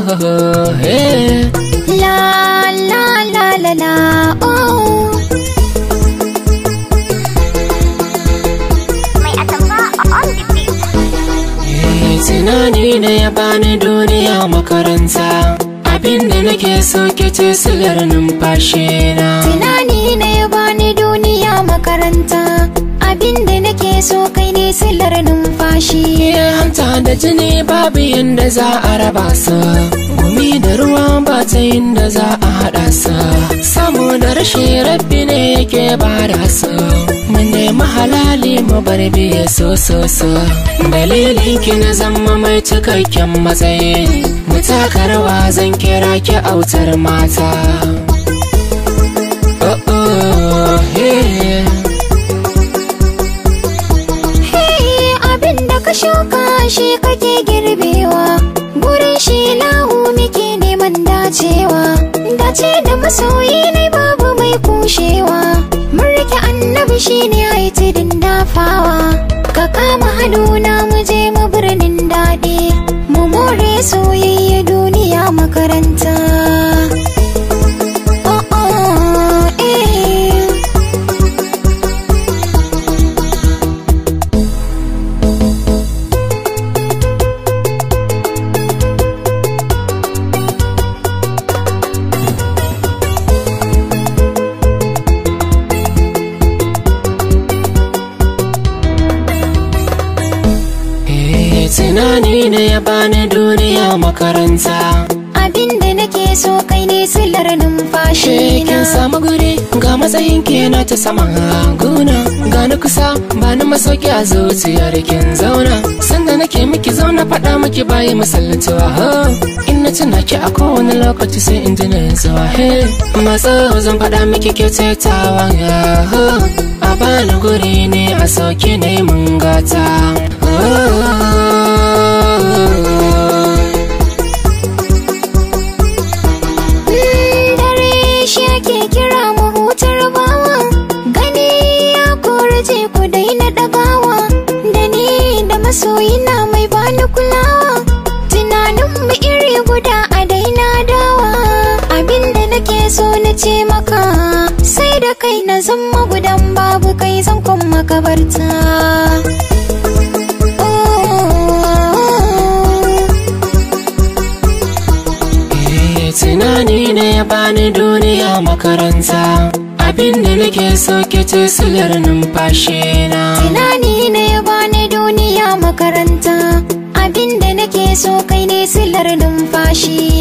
La la la la la oh Tunani ya bani duniya makaranta Abinda nake so kece silar numfashi na Tunani ne ya bani duniya makaranta Abinda nake so kai ne silar numfashi shi ya hanta da jini babu yadda za a raba sa gumi da ruwa ba ta yadda za a haɗa sa samu da rashi rabbi ne yake bada sa mu nemi halali mu bar biye so so so dalilin ki na zama mai cikakken matsayi mu taka zan kira ki autar mata cewa gurin shi lahu muke neman dacewa dace da masoyi ne babu ni ne ya bani duniya makaranta abinda nake so kai ne silar numfashi na samu guri ga matsayin ke na ta sama haguna ga na kusa ba na masauki a zuciyar kin zauna sanda nake miki zauna fada miki bayi misaltuwa in na tuna ki a kowane lokaci sai in ji na zuwa he matsa zan faɗa miki ke taitawa a bani guri ne a sauki ne mun gata kai na zan magudan babu kai zan kun makabarta eh, tunani ne ya bani duniya makaranta abin da nake so ke ce silar numfashi na tunani ne ya bani duniya makaranta abin da nake so kai ne silar numfashi